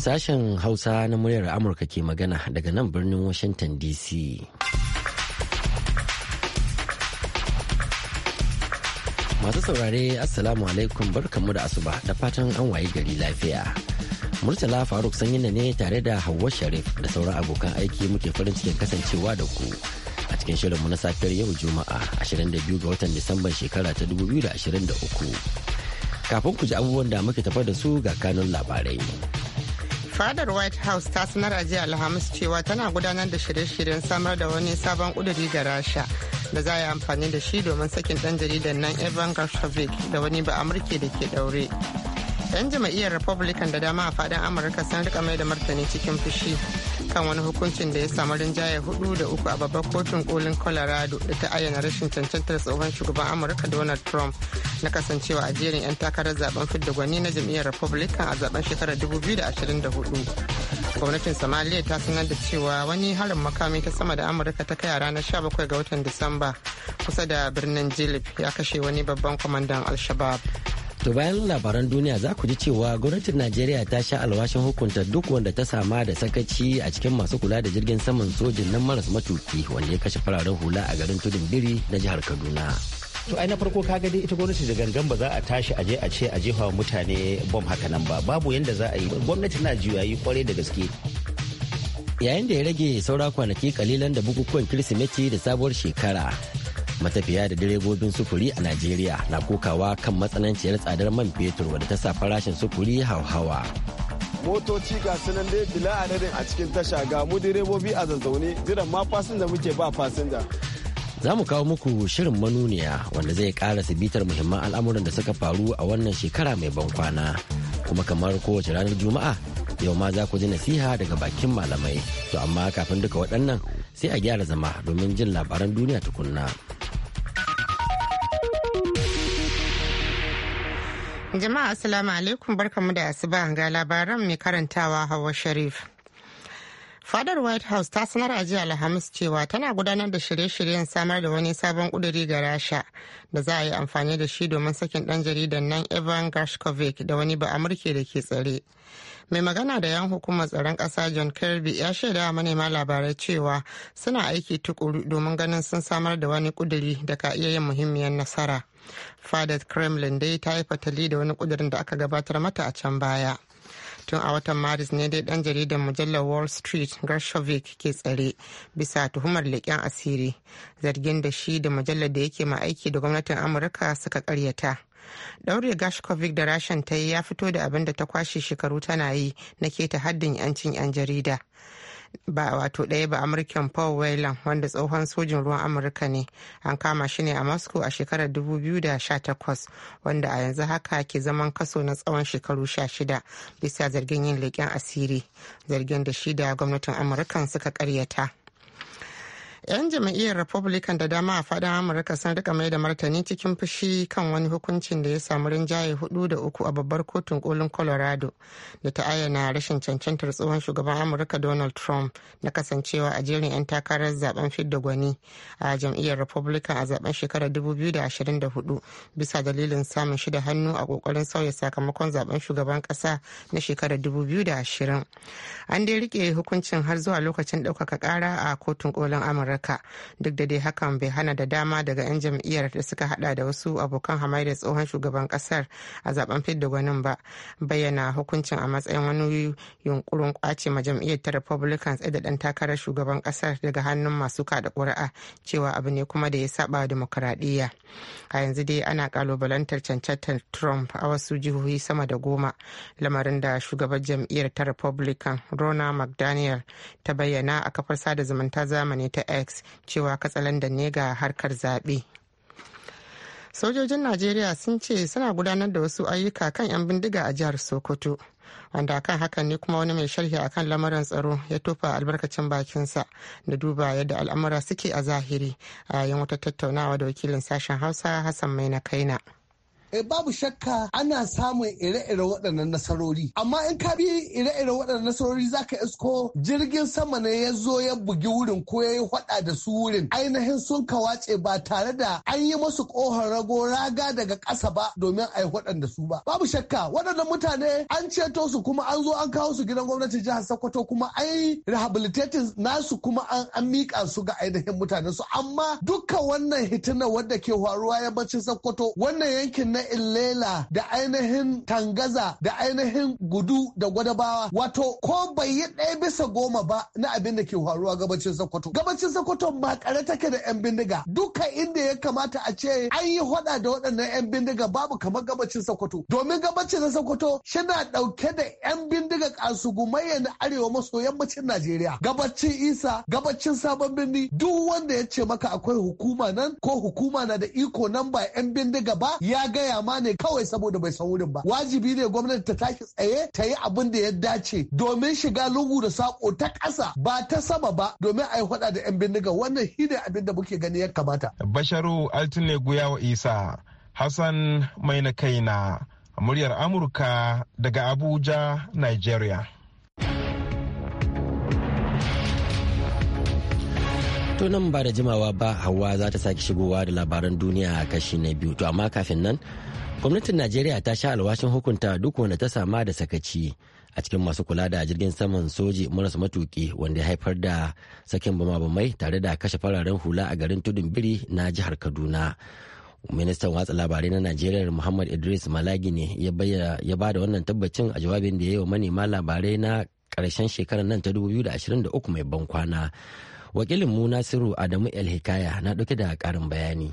Sashen Hausa na muryar Amurka ke magana daga nan birnin Washington DC. Masu saurare Assalamu alaikum barkamu da asuba da fatan an waye gari lafiya. Murtala Faruk sanyin ne tare da Hauwa Sharif da sauran abokan aiki muke farin cikin kasancewa da ku. A cikin shirinmu na safiyar yau Juma'a 22 ga watan Disamban shekara ta 2023. Kafin ku ji abubuwan da muke tafa da su ga kanun labarai. fadar white house ta sanar a jiya alhamis cewa tana gudanar da shirye-shiryen samar da wani sabon kuduri ga rasha da za a yi amfani da shi domin sakin dan jaridar nan evan garshavik da wani ba amurke da ke daure 'yan jam'iyyar republican da dama a fadin amurka sun rika mai da martani cikin fushi kan wani hukuncin da ya samu rinjaye hudu da uku a babbar kotun kolin colorado da ta ayyana rashin cancantar tsohon shugaban amurka donald trump na kasancewa a jerin 'yan takarar zaben fidda gwani na jam'iyyar republican a zaben shekarar da da ashirin hudu. gwamnatin samaliya ta sanar da cewa wani harin makami ta sama da amurka ta kai a ranar 17 ga watan disamba kusa da birnin jilip ya kashe wani babban kwamandan al-shabab To bayan labaran duniya za ku ji cewa gwamnatin Najeriya ta sha alwashin hukunta duk wanda ta sama da sakaci a cikin masu kula da jirgin saman sojin nan maras matuki wanda ya kashe fararen hula a garin tudun biri na jihar Kaduna. to ai na farko kaga dai ita gwamnati da gangan ba za a tashi aje a ce a jefa mutane bom haka nan ba babu yanda za a yi gwamnati na juyayi kwarai da gaske yayin da ya rage saura kwanaki kalilan da bukukuwan kirsimeti da sabuwar shekara matafiya da direbobin sufuri a najeriya na kokawa kan matsananciyar tsadar man fetur wadda ta sa farashin sufuri hauhawa motoci ga sunan dai bila adadin a cikin tasha ga mu direbobi a zazzaune jiran ma fasinja muke ba fasinja za mu kawo muku shirin manuniya wanda zai kara sibitar muhimman al'amuran da suka faru a wannan shekara mai ban kwana kuma kamar kowace ranar juma'a yau ma za ku ji nasiha daga bakin malamai to amma kafin duka waɗannan sai a gyara zama domin jin labaran duniya tukunna. Jama'a asalamu alaikum barkamu da asuba ga labaran mai karantawa Hawa Sharif. Fadar White House ta sanar a jiya Alhamis cewa tana gudanar da shirye-shiryen samar da wani sabon kuduri ga Rasha da za a yi amfani da shi domin sakin ɗan jaridan nan Evan gashkovic da wani ba Amurke da ke tsare. mai magana da yan hukumar tsaron ƙasa john kirby ya shaida manema labarai cewa suna aiki tukuru domin ganin sun samar da wani kuduri da ka iya yin muhimmiyar nasara fadar kremlin dai ta yi fatali da wani kudurin da aka gabatar mata a can baya tun a watan maris ne dai dan jaridar mujallar wall street gershovic ke tsare bisa tuhumar leƙen asiri zargin da shi da mujallar da yake ma aiki da gwamnatin amurka suka karyata daure gashkovic da rashin ta yi ya fito da abin da ta kwashe shekaru tana yi na keta haddin 'yancin 'yan jarida ba wato ɗaya ba amurken paul whelan wanda tsohon sojin ruwan amurka ne an kama shi ne a moscow a shekarar 2018 wanda a yanzu haka ke zaman kaso na tsawon shekaru 16 bisa zargin yin leƙen asiri zargin da shi da gwamnatin amurkan suka ƙaryata 'yan jam'iyyar republican da dama a fadin amurka sun rika mai da martani cikin fushi kan wani hukuncin da ya samu rinjaye hudu da uku a babbar kotun kolin colorado da ta ayyana rashin cancantar tsohon shugaban amurka donald trump na kasancewa a jerin 'yan takarar zaben fidda gwani a jam'iyyar republican a zaben shekarar 2024 bisa dalilin samun shida hannu a kokarin sauya sakamakon zaben shugaban kasa na shekarar 2020 an dai rike hukuncin har zuwa lokacin ɗaukaka ƙara a kotun kolin amurka amurka duk da dai hakan bai hana da dama daga 'yan jam'iyyar da suka hada da wasu abokan da tsohon shugaban kasar a zaben fidda gwanin ba bayyana hukuncin a matsayin wani yunkurin kwace ma jam'iyyar ta republicans da dan takarar shugaban kasar daga hannun masu kada ƙuri'a cewa abu ne kuma da ya saba dimokuraɗiyya a yanzu dai ana kalubalantar cancantar trump a wasu jihohi sama da goma lamarin da shugaban jam'iyyar ta republican rona mcdaniel ta bayyana a kafar sada zumunta zamani ta x cewa katsalandan ne ga harkar zaɓe sojojin najeriya sun ce suna gudanar da wasu ayyuka kan 'yan bindiga a jihar sokoto wanda kan hakan ne kuma wani mai sharhi akan lamarin tsaro ya tofa albarkacin bakinsa da duba yadda al'amura suke a zahiri a yayin wata tattaunawa da wakilin sashen hausa hassan mai na kaina. eh babu shakka ana samun ire-ire waɗannan nasarori amma in ka bi ire-ire waɗannan nasarori zaka isko jirgin sama ne ya zo ya bugi wurin ko ya yi hwada da su wurin ainihin sun ka kawace ba tare da an yi musu kohon rago raga daga ƙasa ba domin a yi waɗanda su ba babu shakka waɗannan mutane an ceto su kuma an zo an kawo su gidan gwamnati jihar sokoto kuma an yi rehabilitating nasu kuma an miƙa su ga ainihin mutane su amma duka wannan hitina wadda ke faruwa yammacin sokoto wannan yankin na na illela da ainihin tangaza da ainihin gudu da gwadabawa wato ko bai yi ɗaya bisa goma ba na abin da ke faruwa gabacin sokoto gabacin sokoto ba kare take da yan bindiga duka inda ya kamata a ce an yi hoda da waɗannan yan bindiga babu kamar gabacin sokoto domin gabacin sokoto shina ɗauke da yan bindiga kasugumai na arewa maso yammacin najeriya gabacin isa gabacin sabon birni duk wanda ya ce maka akwai hukuma nan ko hukuma na da iko nan ba yan bindiga ba ya gaya tsaya ne kawai saboda bai san wurin ba wajibi ne gwamnati ta tashi tsaye ta yi abin da ya dace domin shiga lungu da sako ta ƙasa ba ta sama ba domin a yi hada da 'yan bindiga wannan shine abin da muke gani ya kamata. basharu altine guyawa isa hassan mai na kaina muryar amurka daga abuja nigeria. To nan ba da jimawa ba hawa za ta sake shigowa da labaran duniya a kashi na biyu. To amma kafin nan gwamnatin Najeriya ta sha alwashin hukunta duk wanda ta sama da sakaci a cikin masu kula da jirgin saman soji marasa matuki wanda ya haifar da sakin bama-bamai tare da kashe fararen hula a garin tudun biri na jihar Kaduna. ministan watsa labarai na najeriya muhammad idris malagi ne ya ba da wannan tabbacin a jawabin da ya yi wa manema labarai na karshen shekarar nan ta 2023 mai ban kwana wakilin mu nasiru adamu el hikaya na ɗauke da ƙarin bayani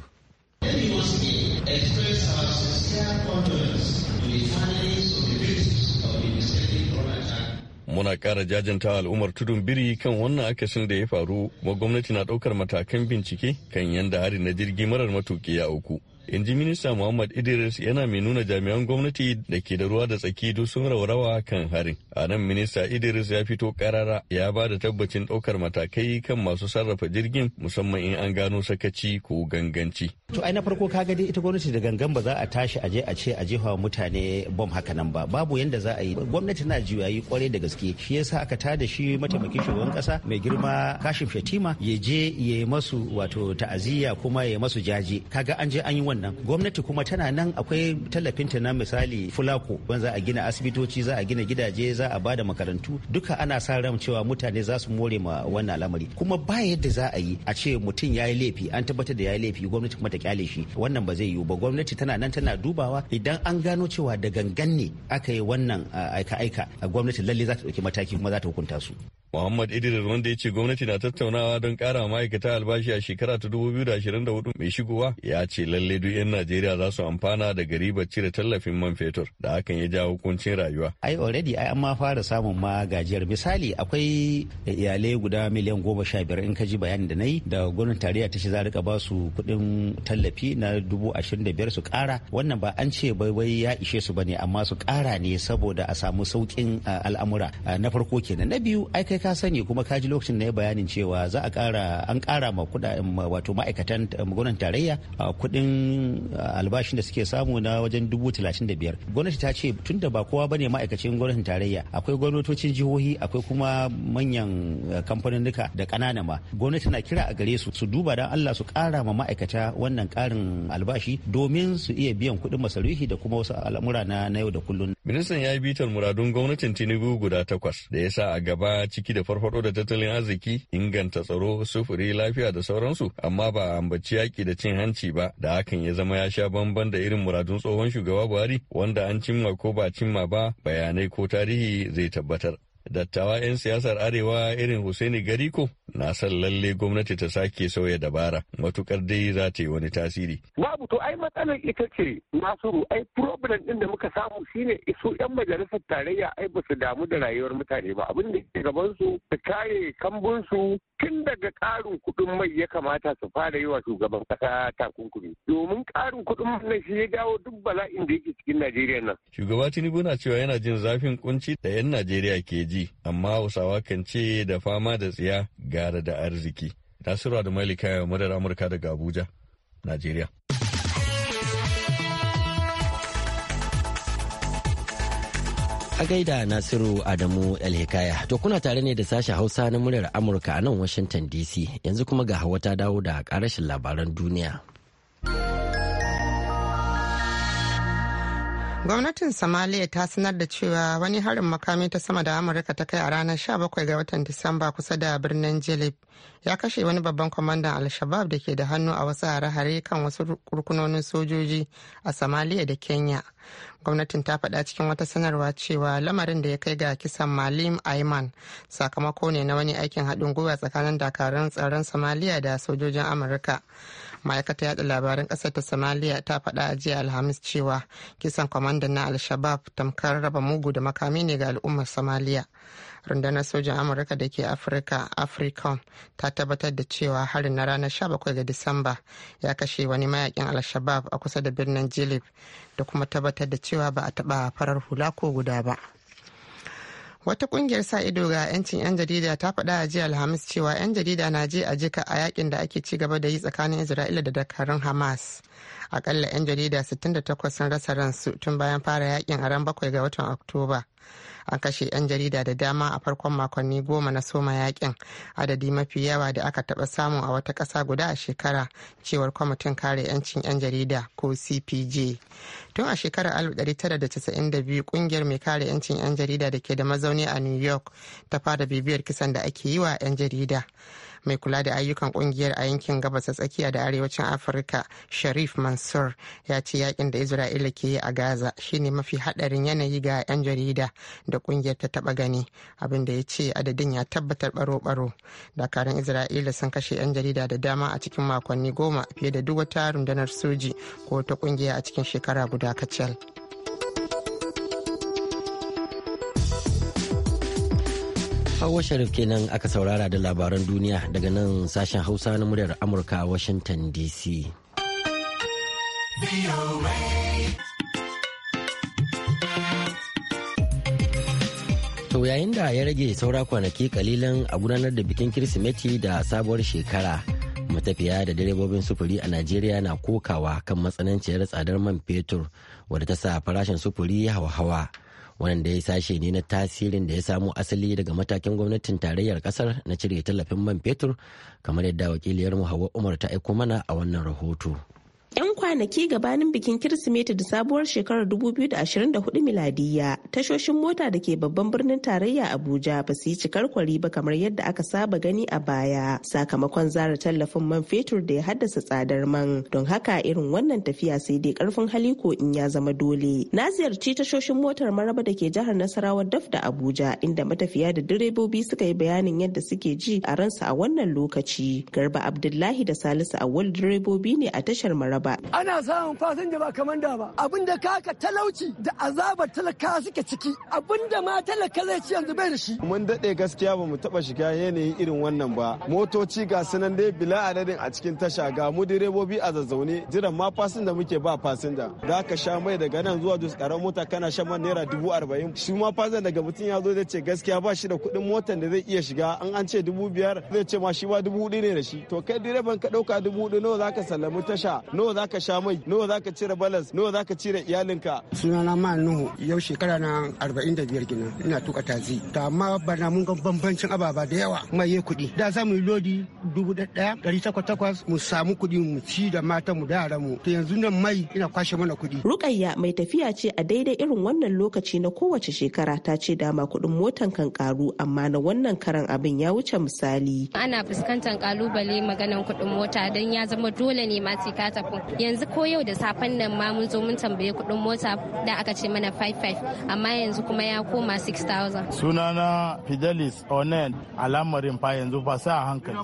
muna ƙara jajanta al'ummar tudun biri kan wannan akasin da ya faru kuma gwamnati na ɗaukar matakan bincike kan yadda hari na jirgi marar matuƙi ya uku in ji minista muhammad idris yana mai nuna jami'an gwamnati da ke da ruwa da tsaki duk sun raurawa kan harin a nan minista idris ya fito karara ya ba da tabbacin ɗaukar matakai kan masu sarrafa jirgin musamman in an gano sakaci ko ganganci to ai na farko kaga dai ita gwamnati da gangan ba za a tashi aje a ce a jefa mutane bom haka nan ba babu yanda za a yi gwamnati na juyayi kwarai da gaske shi yasa aka tada shi mataimakin shugaban kasa mai girma kashin shatima ya je ya yi masu wato ta'aziyya kuma ya yi masu jaje kaga an je an yi wannan gwamnati kuma tana nan akwai tallafinta na misali fulako wanda za a gina asibitoci za a gina gidaje za a bada makarantu duka ana sa ran cewa mutane za su more ma wannan al'amari kuma ba yadda za a yi a ce mutum ya yi laifi an tabbatar da ya yi laifi gwamnati kuma ta kyale shi wannan ba zai yiwu ba gwamnati tana nan tana dubawa idan an gano cewa da gangan ne aka yi wannan aika-aika gwamnati lalle za ta ɗauki mataki kuma za ta hukunta su Muhammad Idris wanda ya ce gwamnati na tattaunawa don kara ma'aikata albashi a shekara ta 2024 mai shigowa ya ce lalle duk 'yan Najeriya za su amfana da garibar cire tallafin man fetur da hakan ya ja hukuncin rayuwa. Ai already ai an ma fara samun ma gajiyar misali akwai iyalai guda miliyan goma sha biyar in ka ji bayani da na yi da gwamnatin tarayya ta ce za rika ba su kuɗin tallafi na dubu ashirin da biyar su ƙara wannan ba an ce bai wai ya ishe su bane amma su ƙara ne saboda a samu sauƙin al'amura na farko kenan na biyu ai kai ka sani kuma ka ji lokacin da ya bayanin cewa za a kara an kara ma kudaden wato ma'aikatan eh, gwamnatin tarayya a kuɗin eh, albashin da suke samu na wajen dubu talatin da biyar gwamnati ta ce tun da ba kowa ba ne ma'aikacin gwamnatin tarayya akwai gwamnatocin jihohi akwai kuma manyan eh, kamfaninnika da ƙanana ma gwamnati na kira a gare su su duba dan Allah su ƙara ma ma'aikata wannan ƙarin albashi domin su iya biyan kuɗin masarufi da kuma wasu al'amura na yau da kullum. Ministan ya yi bitar muradun gwamnatin Tinubu guda takwas da ya sa a gaba cikin ciki da farfado da tattalin arziki inganta tsaro sufuri lafiya da sauransu amma ba a ambaci yaki da cin hanci ba da hakan ya zama ya sha bamban da irin muradun tsohon shugaba buhari wanda an cimma ko ba cimma ba bayanai ko tarihi zai tabbatar dattawa 'yan siyasar arewa irin Husaini Gariko na san lalle gwamnati ta sake sauya dabara matukar dai za ta yi wani tasiri. Babu to ai matsalar ita ce Nasiru ai problem din da muka samu shine isu 'yan majalisar tarayya ai ba damu da rayuwar mutane ba abin da ke gaban su su kare kambun su tun daga ƙarin kuɗin mai ya kamata su fara yi wa shugaban kasa takunkumi domin karin kuɗin mai shi ya dawo duk bala'in da yake cikin Najeriya nan. Shugaba Tinubu na cewa yana jin zafin kunci da 'yan Najeriya ke ji amma Hausawa kan ce da fama da tsiya gara da arziki. Nasiru da Malika murar Amurka daga Abuja, Najeriya. A gaida Nasiru Adamu Alhikaya, to kuna tare ne da sashen Hausa na muryar Amurka a nan Washington DC, yanzu kuma ga hawa ta dawo da karashin labaran duniya. Gwamnatin Somalia ta sanar da cewa wani harin makami ta sama da Amurka ta kai a ranar 17 ga watan Disamba kusa da birnin Jilib ya kashe wani babban kwamandan al da ke da hannu a wasu hare-hare kan wasu rukunonin sojoji a Somalia da Kenya. Gwamnatin ta faɗa cikin wata sanarwa cewa lamarin da ya kai ga kisan Malim Ayman sakamako ne na wani aikin haɗin gwiwa tsakanin dakarun tsaron Somalia da sojojin Amurka. ma'aikatar yada labaran ƙasar ta somalia ta faɗa a jiya alhamis cewa kisan kwamandan na al-shabab tamkar raba mugu da makami ne ga al'ummar somalia rundunar sojan amurka da ke afirka africom ta tabbatar da cewa harin na ranar 17 ga disamba ya kashe wani mayakin al-shabab a kusa da birnin jilib da kuma tabbatar da cewa ba a taɓa farar hula ko guda ba. Wata kungiyar sa ido ga 'yancin 'yan jarida ta faɗa a jiya Alhamis cewa 'yan jarida na je a jika a yakin da ake ci gaba da yi tsakanin Isra'ila da dakarun Hamas. akalla 'yan jarida 68 sun rasa ransu tun bayan fara yakin a ran bakwai ga watan oktoba a kashe 'yan jarida da dama a farkon makonni goma na soma yakin adadi mafi yawa da aka taɓa samu a wata ƙasa guda a shekara cewar kwamitin kare 'yancin 'yan jarida ko cpj tun a shekarar 1992 ƙungiyar mai kare 'yancin 'yan jarida da ke da mazauni a new york ta fara bibiyar kisan da ake yi wa 'yan jarida mai kula da ayyukan kungiyar a yankin gabas ta tsakiya da arewacin afirka sharif mansur ya ce yakin da isra'ila ke yi a gaza shine mafi hadarin yanayi ga 'yan jarida da kungiyar ta taba gani abin da ya ce adadin ya tabbatar baro-baro dakarun isra'ila sun kashe 'yan jarida da dama a cikin makonni goma fiye da duk wata rundunar soji ko ta kungiya a cikin shekara guda kacal. Hawa Sharif kenan aka saurara da labaran duniya daga nan sashen Hausa na muryar Amurka Washington DC. To yayin da ya rage saura kwanaki kalilan a gudanar da bikin Kirsimeti da sabuwar shekara. Matafiya da direbobin sufuri a Najeriya na kokawa kan matsananciyar tsadar man fetur wadda ta sa farashin sufuri ya hawa-hawa. hawa hawa wanda ya sashe ne na tasirin da ya samo asali daga matakin gwamnatin tarayyar kasar na cire tallafin man fetur kamar yadda wakiliyarmu hawa umar ta aiko mana a wannan rahoto. 'Yan kwanaki gabanin bikin Kirsimeti da sabuwar shekarar 2024 miladiya, tashoshin mota da ke babban birnin tarayya Abuja ba su yi cikar kwari ba kamar yadda aka saba gani a baya sakamakon zara tallafin man fetur da ya haddasa tsadar man. Don haka irin wannan tafiya sai dai karfin hali ko in ya zama dole. Na ziyarci tashoshin motar maraba da ke jihar Nasarawa daf da Abuja inda matafiya da direbobi suka yi bayanin yadda suke ji a ransu a wannan lokaci. Garba Abdullahi da Salisu Awal direbobi ne a tashar Maraba ba. Ana samun fasinja ba kamar da ba. Abin da kaka talauci da azabar talaka suke ciki. Abin da ma talaka zai ci yanzu bai da shi. Mun daɗe gaskiya ba mu taɓa shiga yanayin irin wannan ba. Motoci ga sunan dai bila adadin a cikin tasha ga mu direbobi a zazzaune jiran ma fasinja muke ba fasinja. Za ka sha mai daga nan zuwa Jos ƙarar mota kana shan man naira dubu arba'in. Shi ma fasinja daga mutum ya zo zai ce gaskiya ba shi da kuɗin motan da zai iya shiga an an ce dubu biyar zai ce ma shi ba dubu hudu ne da shi. To kai direban ka ɗauka dubu hudu nawa za ka sallami tasha No nawa zaka sha mai nawa zaka cire balas nawa zaka cire iyalinka sunana ma nuhu yau shekara na 45 gina ina tuka tazi ta amma bana mun ga bambancin ababa da yawa mai ya kuɗi da za mu yi lodi dubu ɗaya ɗari takwas takwas mu samu kuɗi mu ci da mata mu da yaran mu to yanzu nan mai ina kwashe mana kuɗi rukayya mai tafiya ce a daidai irin wannan lokaci na kowace shekara ta ce dama kuɗin motan kan karu amma na wannan karan abin ya wuce misali ana fuskantar kalubale maganan kuɗin mota don ya zama dole ne ma sai ka tafi yanzu ko yau da safen nan ma mun zo mun tambaye kuɗin mota da aka ce mana 55 amma yanzu kuma ya koma 6000 sunana fidelis onen alamarin fa yanzu fa sai a hankali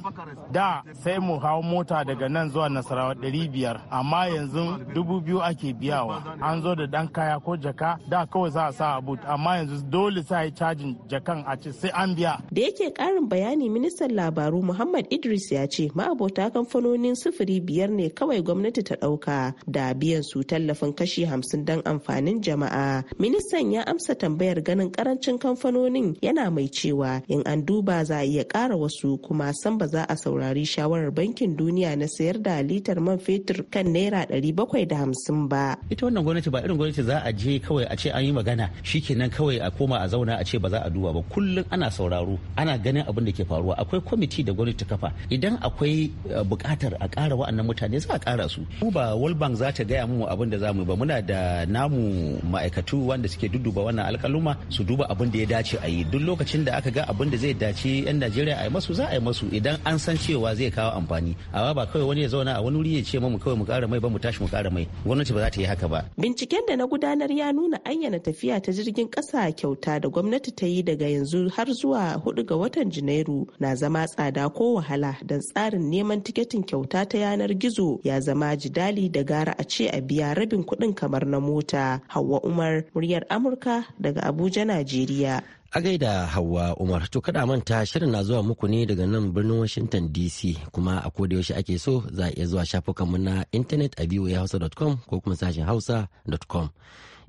da sai mu hau mota daga nan zuwa nasarawa 500 amma yanzu dubu ake biyawa an zo da dan kaya ko jaka da kawai za a sa a but amma yanzu dole sai cajin jakan a ce sai an biya da yake karin bayani ministan labaru muhammad idris ya ce ma'abota kamfanonin sufuri biyar ne kawai gwamnati ta ɗauka da biyan su tallafin kashi hamsin don amfanin jama'a. Ministan ya amsa tambayar ganin karancin kamfanonin yana mai cewa in an duba za a iya ƙara wasu kuma san ba za a saurari shawarar bankin duniya na sayar da litar man fetur kan naira ɗari bakwai da hamsin ba. Ita wannan gwamnati ba irin gwamnati za a je kawai a ce an yi magana shikenan kawai a koma a zauna a ce ba za a duba ba kullum ana sauraro ana ganin abin da ke faruwa akwai kwamiti da gwamnati ta kafa idan akwai eh, bukatar a ƙara wa'annan mutane za a ƙara su mu ba world bank za ta gaya mu abin da za mu ba muna da namu ma'aikatu wanda suke duduba wannan alkaluma su duba abin da ya dace a yi duk lokacin da aka ga abin da zai dace yan najeriya a yi masu za a yi masu idan an san cewa zai kawo amfani amma ba kawai wani ya zauna a wani wuri ya ce mu kawai mu kara mai ba mu tashi mu kara mai gwamnati ba za ta yi haka ba binciken da na gudanar ya nuna ayyana tafiya ta jirgin kasa kyauta da gwamnati ta yi daga yanzu har zuwa hudu ga watan janairu na zama tsada ko wahala don tsarin neman tiketin kyauta ta yanar gizo ya zama jidali da gara a ce a biya rabin kuɗin kamar na mota hawa umar muryar amurka daga abuja najeriya a gaida hawa umar to kada manta shirin na zuwa muku ne daga nan birnin washington dc kuma a koda yaushe ake so za a iya zuwa shafukanmu na intanet a voahausa.com ko kuma sashen hausa.com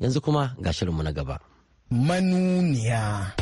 yanzu kuma ga shirinmu na gaba manuniya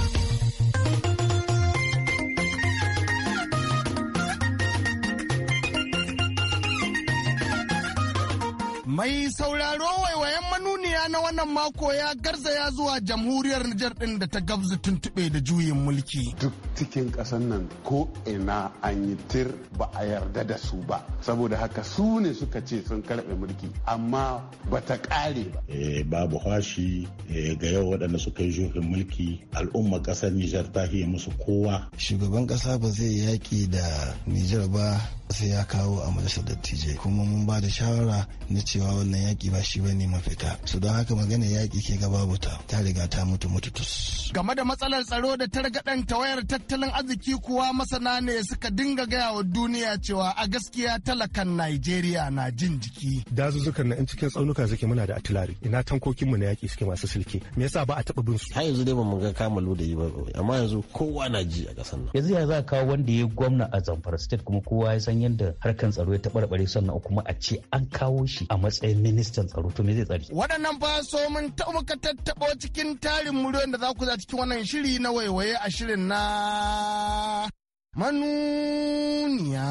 Mai sauraro waiwayen duniya na wannan mako ya garzaya zuwa jamhuriyar Nijar ɗin da ta gabza tuntuɓe da juyin mulki. Duk cikin ƙasar nan ko ina an yi tir ba a yarda da su ba. Saboda haka su ne suka ce sun karɓe mulki amma ba ta ƙare ba. Eh, babu hashi eh, ga yau waɗanda suka yi juyin mulki al'umma ƙasar Nijar ta hiye musu kowa. Shugaban ƙasa ba zai yaƙi da Nijar ba sai ya kawo a majalisar dattijai kuma mun ba da shawara na cewa wannan yaƙi ba shi ba ne mafita. Su don haka magana yaƙi ke gaba buta ta riga ta mutu mututus. Game da matsalar tsaro da targaɗanta wayar tattalin arziki kuwa masana ne suka dinga gaya wa duniya cewa a gaskiya talakan Najeriya na jin jiki. Dazuzzukan na in cikin tsaunuka suke muna da atilari ina tankokin mu na yaƙi suke masu silke me yasa ba a taɓa bin su. Har yanzu dai ba mu ga kamalu da yi ba amma yanzu kowa na ji a ƙasar nan. Yanzu ya za kawo wanda ya gwamna a Zamfara state kuma kowa ya san yadda harkan tsaro ya taɓarɓare sannan kuma a ce an kawo shi a matsayin ministan tsaro to me zai tsari. Waɗannan an faso so mun ka tattaɓo cikin tarin muryoyin da za ku za cikin wannan shiri na waiwaye a shirin na manuniya.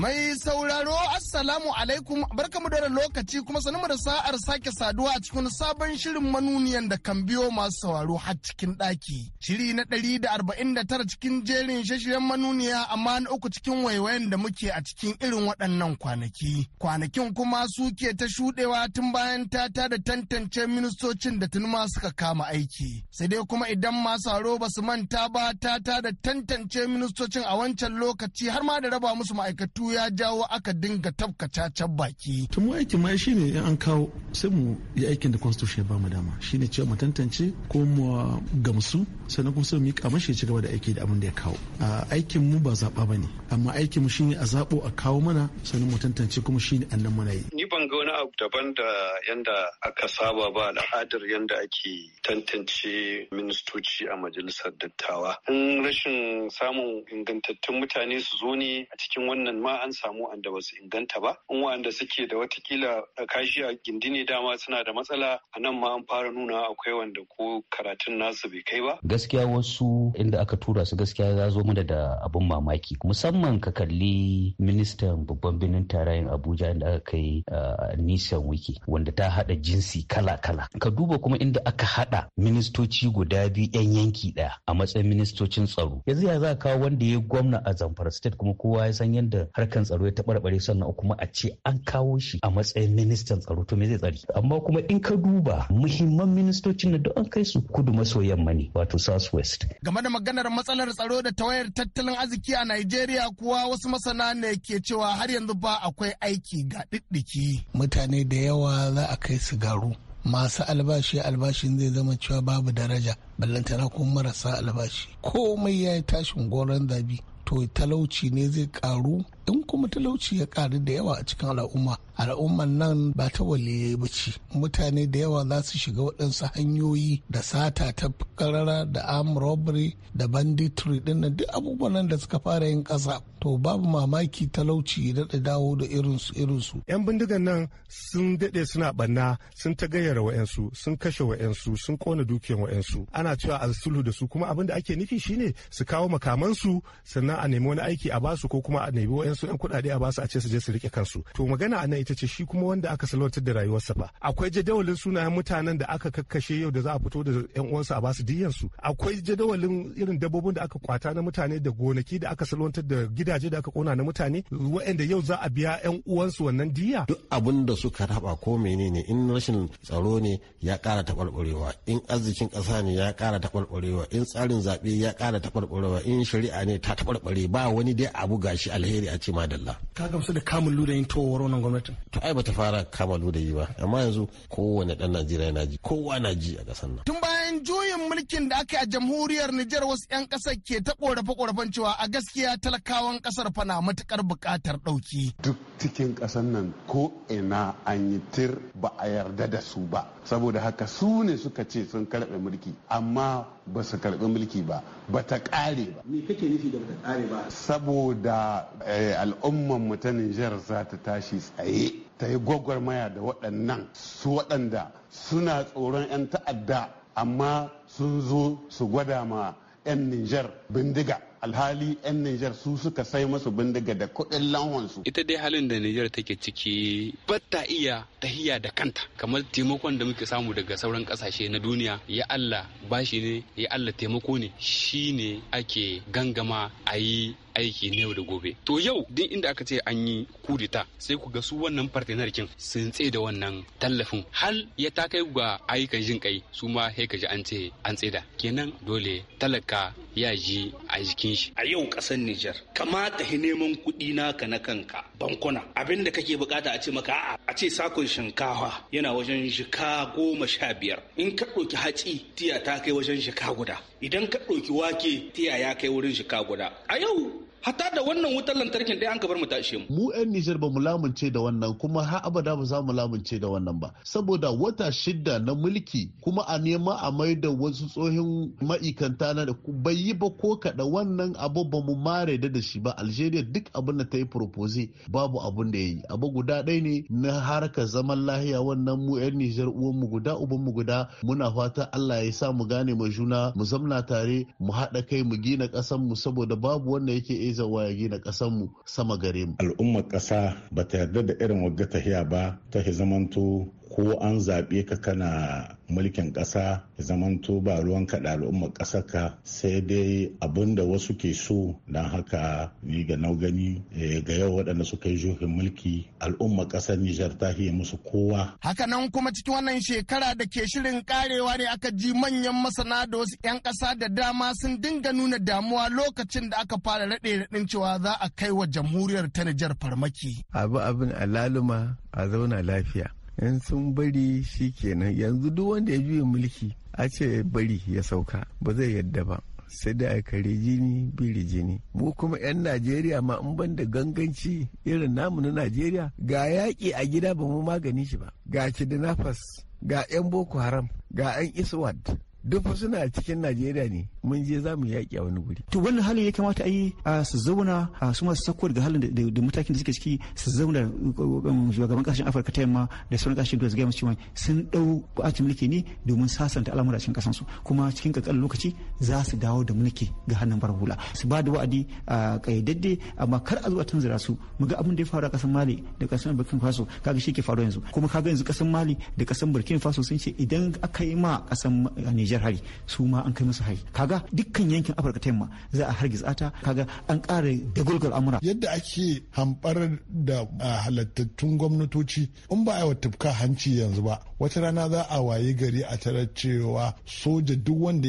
Mai sauraro Assalamu alaikum barkamu da lokaci kuma sanmu da sa'ar sake saduwa a cikin sabon shirin manuniyan da kan biyo masu sauraro har cikin ɗaki. Shiri na ɗari da arba'in da tara cikin jerin shashiyar manuniya amma na uku cikin waiwayen da muke a cikin irin waɗannan kwanaki. Kwanakin kuma suke ta shuɗewa tun bayan ta da tantance ministocin da tunuma suka kama aiki. Sai dai kuma idan masu sauraro ba su manta ba ta da tantance ministocin a wancan lokaci har ma da raba musu ma'aikatu ya jawo aka dinga tafka can baki. Tun aikin ma shi ne an kawo sai mu yi aikin da constitution ya bamu dama shi ne cewa mu tantance ko mu gamsu sannan kuma sai mu yi kamashi ya ci gaba da aiki da abin da ya kawo. Aikin mu ba zaɓa ba ne amma aikin mu shine a zaɓo a kawo mana sannan mu tantance kuma shine annan muna yi. Ni ban ga wani abu daban da yanda aka saba ba al'adar yanda ake tantance ministoci a majalisar dattawa. In rashin samun ingantattun mutane su zo ne a cikin wannan ma an samu an da wasu inganta ta ba in wanda suke da watakila kashi a gindi ne dama suna da matsala a nan ma an fara nuna akwai wanda ko karatun nasu bai kai ba gaskiya wasu inda aka tura su gaskiya ya zo mana da abin mamaki musamman ka kalli ministan babban birnin tarayyar abuja inda aka kai uh, nisan wiki wanda ta hada jinsi kala-kala ka duba kuma inda aka hada ministoci guda biyu yan yanki daya a matsayin ministocin tsaro yanzu ya za kawo wanda ya gwamna a zamfara state kuma kowa ya san yadda harkan tsaro ya taɓarɓare sannan uku kuma a ce an kawo shi a matsayin ministan tsaro to me zai tsari amma kuma in ka duba muhimman ministocin na an kai su kudu maso yamma ne wato south west game da maganar matsalar tsaro da tawayar tattalin arziki a Najeriya kuwa wasu masana ne ke cewa har yanzu ba akwai aiki ga diddiki mutane da yawa za a kai su garu masu albashi albashin zai zama cewa babu daraja ballantana kuma marasa albashi komai ya yi tashin goron zabi to talauci ne zai karu in kuma talauci ya karu da yawa a cikin al'umma al'umman nan ba ta waliyai ba ce mutane da yawa za su shiga waɗansu hanyoyi da sata ta karara da arm robbery da banditry nan duk abubuwan nan da suka fara yin ƙasa to babu mamaki talauci da dawo da irinsu irinsu. yan bindigan nan sun daɗe suna ɓanna sun ta gayyara wa'yansu sun kashe wa'yansu sun ƙona dukiyan wa'yansu ana cewa a sulhu da su kuma abin da ake nufi shine su kawo makamansu sannan a nemi wani aiki a basu ko kuma a nemi wa'yansu su 'yan kuɗaɗe a basu a ce su je su rike kansu to magana a nan ita ce shi kuma wanda aka salwantar da rayuwarsa ba akwai jadawalin sunayen mutanen da aka kakkashe yau da za a fito da 'yan uwansu a basu diyansu akwai jadawalin irin dabbobin da aka kwata na mutane da gonaki da aka salwantar da gidaje da aka kona na mutane waɗanda yau za a biya 'yan uwansu wannan diya duk abin da suka raba ko menene in rashin tsaro ne ya ƙara taɓarɓarewa in arzikin ƙasa ne ya ƙara taɓarɓarewa in tsarin zaɓe ya ƙara taɓarɓarewa in shari'a ne ta taɓarɓare ba wani dai abu gashi alheri a ce dalla. ka gamsu da kamun ludayin towar wannan gwamnatin to ai bata fara kama ludayi ba amma yanzu kowane dan najeriya na ji kowa na ji a ƙasar nan tun bayan juyin mulkin da aka yi a jamhuriyar nijar wasu yan ƙasar ke ta korafe korafen cewa a gaskiya talakawan ƙasar fa na matukar bukatar ɗauki duk cikin ƙasar nan ko ina an yi tir ba a yarda da su ba saboda haka su ne suka ce sun karɓe mulki amma ba su karɓi mulki ba ba ta ƙare ba me kake nufi da ba ta ƙare ba saboda eh, al'umman mu ta Nijar za ta tashi tsaye ta yi gwagwarmaya da waɗannan su waɗanda suna tsoron 'yan ta'adda amma sun zo su gwada ma 'yan Nijar bindiga alhali 'yan Nijar su suka sai masu bindiga da kuɗin lanwansu Ita dai halin da Nijar take ciki bata iya tahiya da kanta kamar taimakon da muke samu daga sauran kasashe na duniya ya Allah bashi ne ya Allah taimako ne shine ake gangama a yi aiki ne yau da gobe to yau duk inda aka ce an yi kudita sai ku ga su wannan partenarkin sun tsaye da wannan tallafin hal ya ta kai ga ayyukan jin kai su ma sai ka ji an ce an kenan dole talaka ya ji a jikin shi a yau kasar Niger kamata hi neman kuɗi naka na kanka bankuna abinda kake bukata a ce maka a ce sakon shinkafa yana wajen shika goma sha biyar in ka ɗauki hatsi tiya ta kai wajen shika guda idan ka ɗauki wake tiya ya kai wurin shika guda a yau hatta da wannan wutar lantarkin ɗaya an ka bar mu tashi mu. Mu 'yan Nijar ba mu lamunce da wannan kuma har abada ba za mu lamunce da wannan ba. Saboda wata shida na mulki kuma a nema a mai da wasu tsohin ma'ikanta na da bai yi ba ko kaɗa wannan abu ba mu mare da shi ba Algeria duk abin da ta yi propose babu abin da ya yi. Abu guda ɗaya ne na harka zaman lahiya wannan mu 'yan Nijar uwan mu guda uban mu guda muna fata Allah ya sa mu gane mu juna mu zamna tare mu haɗa kai mu gina ƙasar mu saboda babu wanda yake izan wayagi na ƙasanmu sama gare mu al'ummar ƙasa bata yarda da irin wagga tahiya ba ta zamanto ko an zaɓe ka kana mulkin ƙasa zamanto ba ruwan kaɗa al'ummar ƙasar ka sai dai abin da wasu ke so don haka ni ga nau eh, ga yau waɗanda suka yi juhin mulki al'ummar ƙasar Nijar ta hiye musu kowa. Haka nan kuma cikin wannan shekara da ke shirin karewa ne aka ji manyan masana da wasu 'yan ƙasa da dama sun dinga nuna damuwa lokacin da aka fara raɗe raɗin cewa za a kai wa jamhuriyar ta Nijar farmaki. Abu abin alaluma a zauna lafiya. in sun bari shi kenan yanzu duk wanda ya juya mulki a ce bari ya sauka ba zai yadda ba sai da kare jini biri jini mu kuma 'yan najeriya ma in ban da ganganci irin namu na najeriya ga yaƙi a gida ba mu magani shi ba ga kidnappers ga 'yan boko haram ga 'yan iswad duk suna cikin najeriya ne mun je za mu yaƙi a wani guri to wannan hali ya kamata a yi su zauna su masu sako daga halin da matakin da suke ciki su zauna um, shugaban kasashen afirka ta yamma da sauran kasashen da su gaya musu cewa sun ɗau mulki ne domin sasanta al'amura cikin kasansu kuma cikin ƙanƙanin lokaci za su dawo da mulki ga hannun bar hula su ba da wa'adi a kayyadadde amma kar a zo a tunzura su mu ga abin da ya faru a ƙasar mali da ƙasar burkina faso kaga shi ke faru yanzu kuma kaga yanzu ƙasar mali da ƙasar burkina faso sun ce idan aka yi ma ƙasar nijar hari su ma an kai musu hari kaga ga dukkan yankin afirka ta yamma za a hargitsa ta kaga an da dagulgar amura yadda ake hamɓar da ah, halattattun gwamnatoci in ba a wa tufka hanci yanzu ba wata rana za a wayi gari a tare cewa soja duk wanda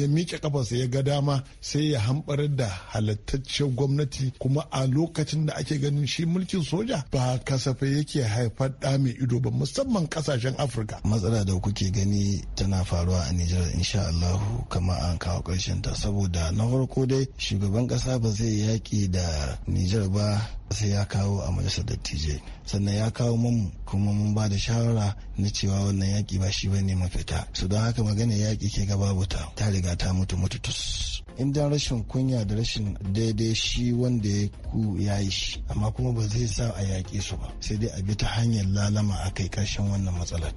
ya miƙe kafarsa ya ga dama sai ya hamɓar da halattaccen gwamnati kuma a lokacin da ake ganin shi mulkin soja ba kasafe yake haifar da mai ido ba musamman kasashen afirka matsala da kuke gani tana faruwa a nijar insha allahu kama an kawo ƙarshen ta saboda na farko dai shugaban ƙasa ba zai yaƙi da Nijar ba sai ya kawo a majalisar dattijai sannan ya kawo mun kuma mun ba da shawara na cewa wannan yaki ba shi bane mafita su don haka magana yaki ke gaba ta ta riga ta mutu mututus in dan rashin kunya da rashin daidai shi wanda ya ku ya yi shi amma kuma ba zai sa a yaki su ba sai dai a bi ta hanyar lalama a kai ƙarshen wannan matsalar.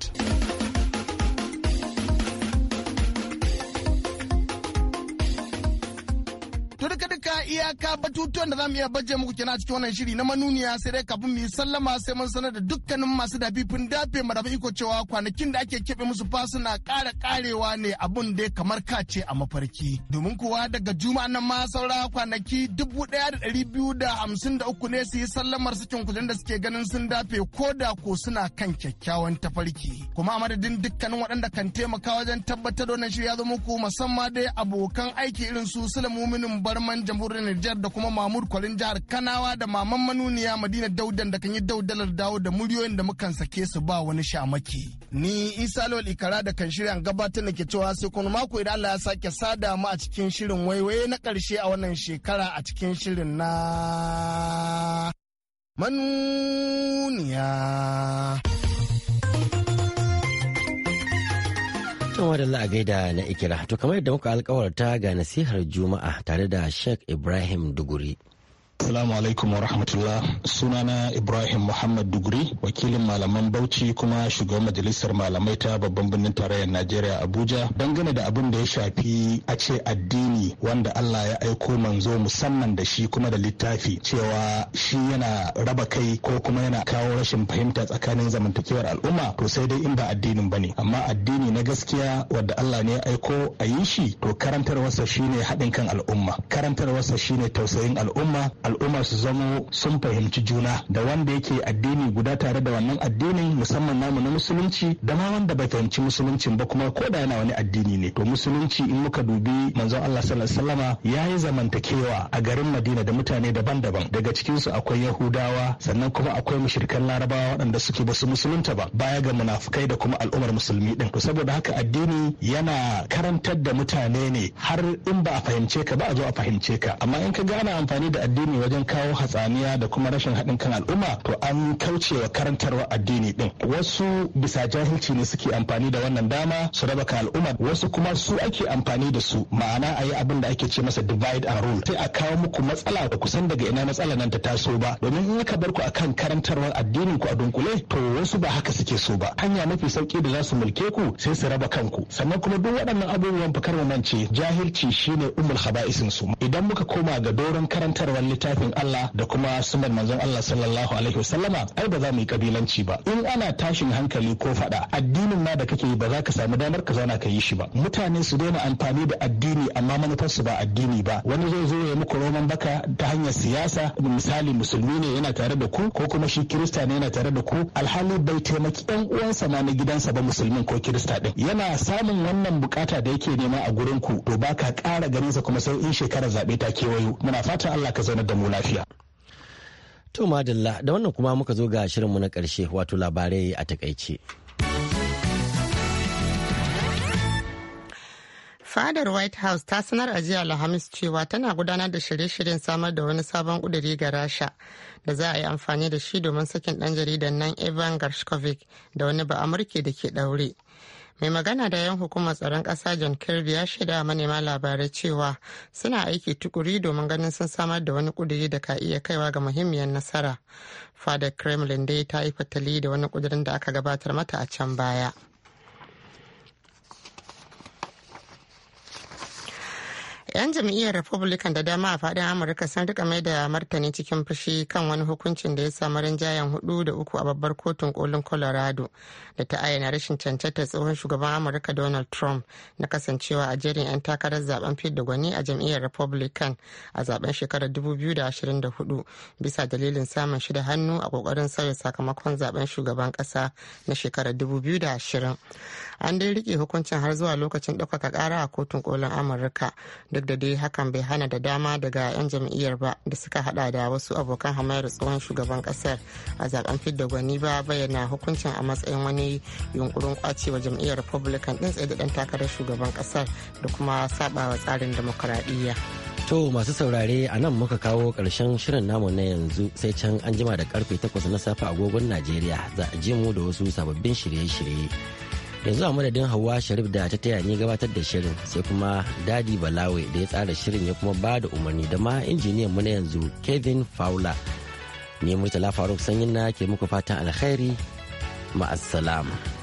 wanda da za mu iya bajje muku kenan a cikin wannan shiri na manuniya sai dai kafin mu yi sallama sai mun sanar da dukkanin masu dafifin dafe madafin iko cewa kwanakin da ake keɓe musu fasuna ƙara ƙarewa ne abun dai kamar kace a mafarki. Domin kuwa daga juma'a nan ma saura kwanaki dubu ɗaya da ɗari biyu da hamsin da uku ne su yi sallamar sakin kujen da suke ganin sun dafe ko da ko suna kan kyakkyawan tafarki. Kuma a madadin dukkanin waɗanda kan taimaka wajen tabbatar da wannan shiri ya zo muku musamman dai abokan aiki irin su Sulaimu Muminin Barman Jamhuriyar Nijar da kuma Mamu mahmud jihar kanawa da maman manuniya madina daudan da kan yi daudalar dawo da muryoyin da mukan sake su ba wani shamaki ni isa lawal ikara da kan shirya gabatar da ke cewa sai kuma mako idan allah ya sake sada mu a cikin shirin waiwaye na karshe a wannan shekara a cikin shirin na manuniya. Tuma da a gaida na ikira, to kamar yadda muka alkawarta ga nasihar Juma'a tare da Sheikh Ibrahim Duguri. Assalamu alaikum wa rahmatullah. Sunana Ibrahim Muhammad Duguri, wakilin malaman Bauchi kuma shugaban majalisar malamai ta babban birnin tarayyar Najeriya Abuja. Dangane da abin da ya shafi a ce addini wanda Allah ya aiko manzo musamman da shi kuma da littafi cewa shi yana raba kai ko kuma yana kawo rashin fahimta tsakanin zamantakewar al'umma to sai dai in ba addinin bane. Amma addini na gaskiya wanda Allah ne ya aiko a yi shi to karantarwarsa shine haɗin kan al'umma. Karantarwarsa shine tausayin al'umma. al'umma su zamo sun fahimci juna da wanda yake addini guda tare da wannan addinin musamman namu na musulunci da ma wanda bai fahimci musuluncin ba kuma ko da yana wani addini ne to musulunci in muka dubi manzon Allah sallallahu alaihi wasallama yayi zamantakewa a garin Madina da mutane daban-daban daga cikin su akwai Yahudawa sannan kuma akwai mushrikan Larabawa waɗanda suke su musulunta ba baya ga munafukai da kuma al'ummar musulmi din to saboda haka addini yana karantar da mutane ne har in ba a fahimce ka ba a zo a fahimce ka amma in ka gane amfani da addini addini wajen kawo hatsaniya da kuma rashin haɗin kan al'umma to an kauce kaucewa karantarwa addini din wasu bisa jahilci ne suke amfani da wannan dama su raba kan al'umma wasu kuma su ake amfani da su ma'ana a yi abin da ake ce masa divide and rule sai a kawo muku matsala da kusan daga ina matsala nan ta taso ba domin in ka bar ku akan karantarwar addinin ku a dunkule to wasu ba haka suke so ba hanya mafi sauki da za su mulke ku sai su raba kanku sannan kuma duk waɗannan abubuwan fakar ce jahilci shine umul haba'isin su idan muka koma ga doron karantarwar littafin Allah da kuma sunan manzon Allah sallallahu alaihi wasallama ai ba za mu yi kabilanci ba in ana tashin hankali ko fada addinin ma da kake yi ba za ka samu damar ka zauna ka yi shi ba mutane su daina amfani da addini amma manufar su ba addini ba wani zai zo ya muku roman baka ta hanyar siyasa misali musulmi ne yana tare da ku ko kuma shi kirista ne yana tare da ku alhali bai taimaki ɗan uwansa ma na gidansa ba musulmin ko kirista ɗin yana samun wannan bukata da yake nema a gurin ku to baka ka ƙara sa kuma sai in shekarar zaɓe ta kewayo muna fatan Allah ka zauna da da mu lafiya. To madalla da wannan kuma muka zo ga shirinmu na ƙarshe wato labarai a takaice. fadar white house ta sanar a jiya alhamis cewa tana gudanar da shirye-shiryen samar da wani sabon kuduri ga rasha da za a yi amfani da shi domin sakin dan jaridan nan evan gershkovic da wani ba'amurke da ke daure mai magana da yan hukumar tsaron ƙasa john kirby ya shaida manema labarai cewa suna aiki tukuri domin ganin sun samar da wani kuduri da ka iya kaiwa ga muhimmiyar nasara fadar kremlin dai ta yi fatali da wani ƙudirin da aka gabatar mata a can baya. 'yan jam'iyyar republican da dama a fadin amurka sun rika mai da martani cikin fushi kan wani hukuncin da ya samu rinjayen hudu da uku a babbar kotun kolin colorado da ta ayyana rashin cancanta tsohon shugaban amurka donald trump na kasancewa a jerin 'yan takarar zaben fidda gwani a jam'iyyar republican a zaben shekarar 2024 bisa dalilin samun shida hannu a kokarin sauya sakamakon zaben shugaban kasa na shekarar 2020 an dai rike hukuncin har zuwa lokacin ɗaukaka ƙara a kotun kolin amurka duk da dai hakan bai hana da dama daga 'yan jam'iyyar ba da suka hada da wasu abokan hamayar tsohon shugaban kasar a zaben fidda gwani ba bayyana hukuncin a matsayin wani yunkurin kwacewa jam'iyyar republican din tsaye da takarar shugaban kasar da kuma sabawa tsarin demokuraɗiyya. To masu saurare a nan muka kawo ƙarshen shirin namu na yanzu sai can an jima da karfe 8 na safe agogon Najeriya za a je mu da wasu sababbin shirye-shirye. yanzu a madadin hawa sharif da ta taya ni gabatar da shirin sai kuma dadi balawe da ya tsara shirin ya kuma ba da umarni da ma injiniyan mu na yanzu kevin fowler ne murtala faruk sanyin na ke muku fatan alkhairi ma'assalam.